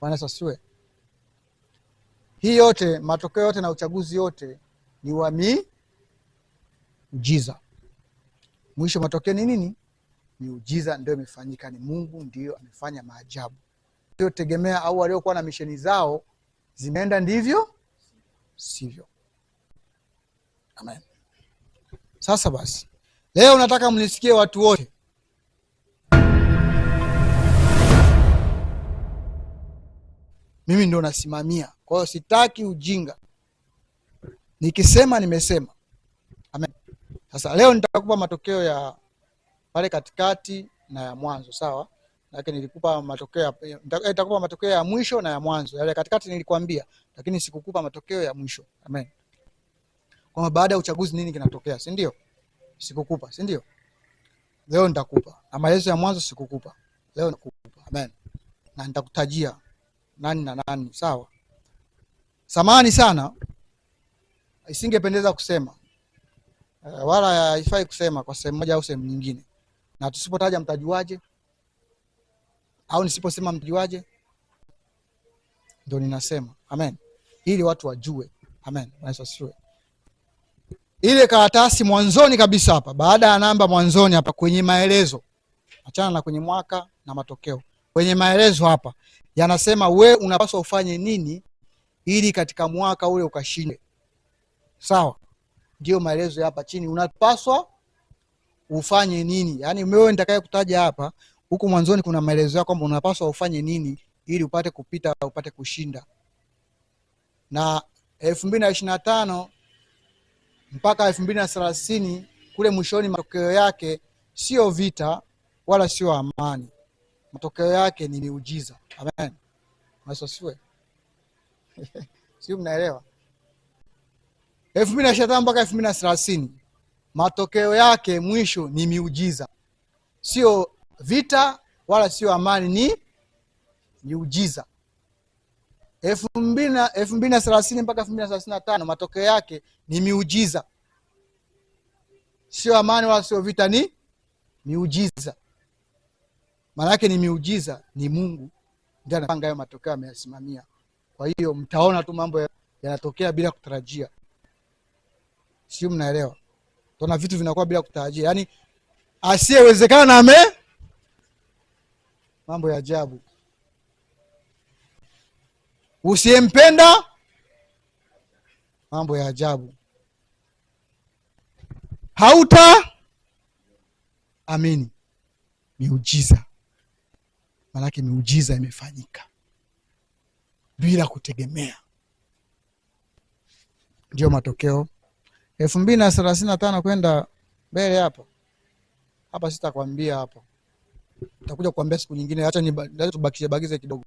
Bwana Hii yote matokeo yote na uchaguzi yote ni wa miujiza. Mwisho matokeo ni nini? Miujiza ndio imefanyika, ni Mungu ndio amefanya maajabu. iotegemea au waliokuwa na misheni zao zimeenda ndivyo sivyo. Amen. Sasa basi, leo nataka mnisikie watu wote mimi ndio nasimamia. Kwa hiyo sitaki ujinga, nikisema nimesema. Amen. Sasa leo nitakupa matokeo ya pale katikati na ya mwanzo, sawa? Lakini nilikupa matokeo eh, nitakupa matokeo ya mwisho na ya mwanzo. Yale katikati nilikwambia, lakini sikukupa matokeo ya mwisho. Amen. Kwa baada ya uchaguzi nini kinatokea, si ndio? Sikukupa, si ndio? Leo nitakupa. Na maelezo ya mwanzo sikukupa. Leo nakupa. Amen. Na nitakutajia nani na nani, sawa. Samani sana, isingependeza kusema eh, wala haifai kusema kwa sehemu moja au sehemu nyingine, na tusipotaja mtajuaje? Au nisiposema mtajuaje? Ndio ninasema amen, ili watu wajue. Amen, Yesu asifiwe. Ile karatasi mwanzoni kabisa hapa, baada ya namba mwanzoni hapa kwenye maelezo, achana na kwenye mwaka na matokeo kwenye maelezo hapa yanasema we unapaswa ufanye nini ili katika mwaka ule ukashinde. Sawa, ndiyo maelezo hapa chini, unapaswa ufanye nini. yani wewe nitakaye kutaja hapa, huku mwanzoni kuna maelezo yako kwamba unapaswa ufanye nini ili upate kupita, upate kushinda. Na elfu mbili na ishirini na tano mpaka elfu mbili na thelathini kule mwishoni, matokeo yake sio vita wala sio amani matokeo yake ni miujiza. Amen, nasosiwe siu Mnaelewa? elfu mbili na ishiri na tano mpaka elfu mbili na thelathini matokeo yake mwisho ni miujiza, sio vita wala sio amani, ni miujiza. elfu mbili na elfu mbili na thelathini mpaka elfu mbili na thelathini na tano matokeo yake ni miujiza, sio amani wala sio vita, ni miujiza maana yake ni miujiza, ni Mungu ndiye anapanga hayo matokeo, ameyasimamia. Kwa hiyo mtaona tu mambo yanatokea bila kutarajia, sio? Mnaelewa? Tuna vitu vinakuwa bila kutarajia, yaani asiyewezekana ame mambo ya ajabu. Usiyempenda mambo ya ajabu, hauta amini miujiza maanake miujiza imefanyika bila kutegemea. Ndiyo matokeo elfu mbili na thelathini na tano kwenda mbele hapo hapa, sitakwambia hapo, takuja kuambia siku nyingine. hacha tubakishe bakize kidogo.